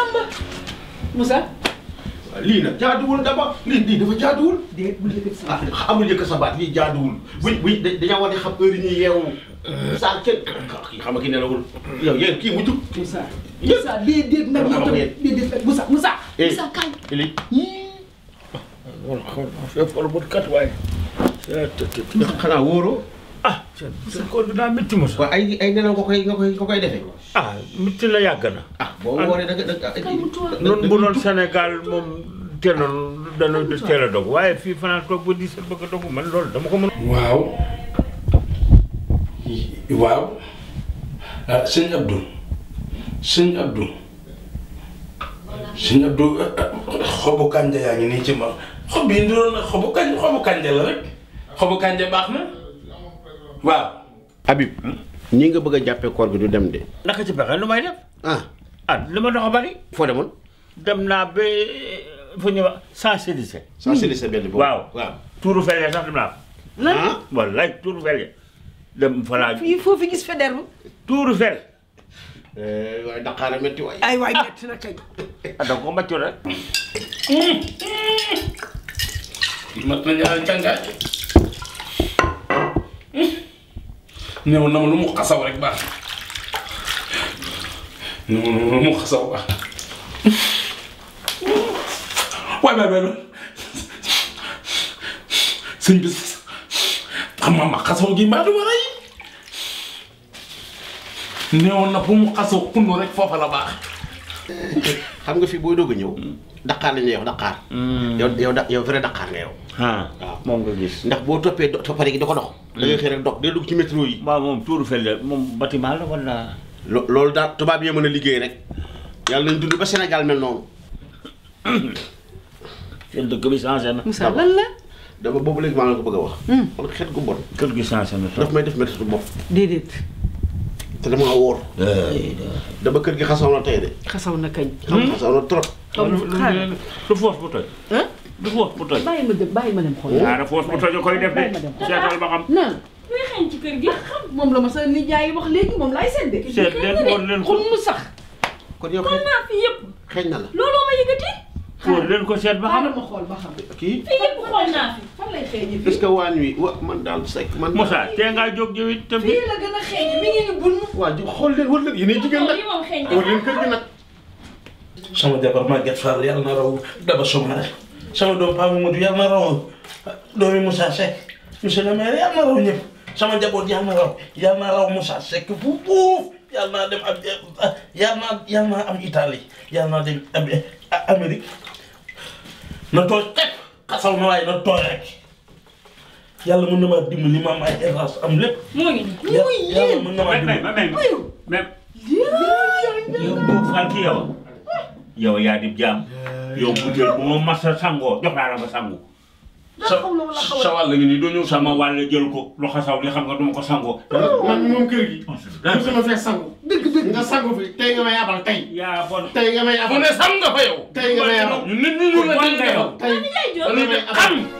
Samba Moussa. lii nag jaaduwul d'abord lii lii dafa jaaduwul. déet bul yëkkati sa baat ah amul yëkkati sa baat lii jaaduwul buñ buñ dañoo war di xam heure yi ñuy yeewu. kii xam nga kii nelawul. yow yéen kii mu jug. Moussa Moussa déedéet nag yow tamit déedéet Moussa Moussa. ah. sa koor daa métti mos. ay nelaw nga koy nga koy nga koy defee. ah métti la yàgg na. ah boo wooree da nga noonu bu doon Sénégal moom teeloon dana teel dog waaye fii fanaan toog ba 17 bëgg a dogu man loolu dama ko mën. waaw waaw ah sëñ Abdou sëñ Abdou sëñ Abdou ah, ah, xobu yaa ngi nii ci ma xob yi ñu doon xobu kànja xobu la rek xobu kànja baax na. waaw. Habib. ñi hmm? nga bëgg a jàppee koor bi du dem de. naka ci pexe lu may def. ah, ah lu ma dox a bari. foo demoon. dem naa ba fu ñuy wax san sensibiliser benn boobu waaw waaw. tuuru fële sax dem naa ko. lan ah. wallaay tuuru fële. dem fa laa. fii foo fi gis feder bu. tuuru fële. Eh, waaye Dakar metti waay. ay waay metti na kay. ah ko mat na ñaari néew na ma lu mu xasaw rek baax néew na ma lu mu xasaw baax waay waay waay sëñ bi xam nga ma xasaw gi mbaa du ma rey néew na bu mu xasaw kunu rek foofa la baax. xam nga fii booy doog a ñëw. Hmm. Dakar lañ lay wax Dakar. Hmm. yow yow da yow vrai Dakar nga yow. waaw moom nga gis. ndax boo toppee do toppari ki da ko dox. da hmm. xëy rek dox day dugg ci métro yi. waaw moom tuuru fel la moom bâtiment la wala. lo loolu daal tubaab yee mën a liggéey rek yàlla nañ dund ba Sénégal mel noonu. seen dëkk bi changé na. Moussa lan la. dama boobu léegi maa la ko bëgg a wax. kon xet gu bon. kër gi changé na daf may def métti bopp. déedéet. te damaa wóor. dama kër gi xasaw na tey de. xasaw na kañ. xasaw na trop. lu foos bu toj. du foos bu toj. bàyyi ma dem bàyyi ma dem xool. waaw foos bu toj koy def de. seetal ba xam. naan muy xeeñ ci kër gi. moom la ma sa nijaay wax léegi moom laay seet de. seet leen woon leen ko mu sax. kon yow xeeñ naa fi yëpp. xeeñ na la looloo ma yëkkati. xool leen ko seet ba xam. ma xool ba xam. kii fii yëpp xool naa fi. lay xeeñi fii. est ce que waañ wi wa man daal sekk man. Moussa tee ngaa jóg it fii la gën a mi ngi ni bun. waa ji xool leen wër leen yéenay jigéen nag wër leen kër gi nag. sama jabar Maguette Fall yàlla na raw Daba Soumaré sama doom Paa Mamadou yàlla na raw doomi Moussa Seck monsieur le maire yàlla na raw ñëpp sama njaboot yàlla na raw yàlla na raw Moussa Seck bu buuf yàlla naa dem ab yàlla naa yàlla naa am Italie yàlla naa dem Amérique na toog xasaw na waaye na tooy rek yàlla mën na maa dimbali ma am ay errance am lépp. moo ngi nii yàlla mën na maa dimbali mais mais mais. yow boo faal ci yow yow yaa di jaam yow butéel bu ma masa sangoo jox naa la nga sangu. sa wàll ngi nii doo ñëw sama wàll jël ko lu xasaw li xam nga duma ko sangoo. Oh. man moom kër gi. mosuma oh, fee sangu. nga sangu fi tey nga may abal tey. yaa bon tey nga may abal. ne sang nga fa yow. tey nga may abal nit ñi ñu la tey nga may abal.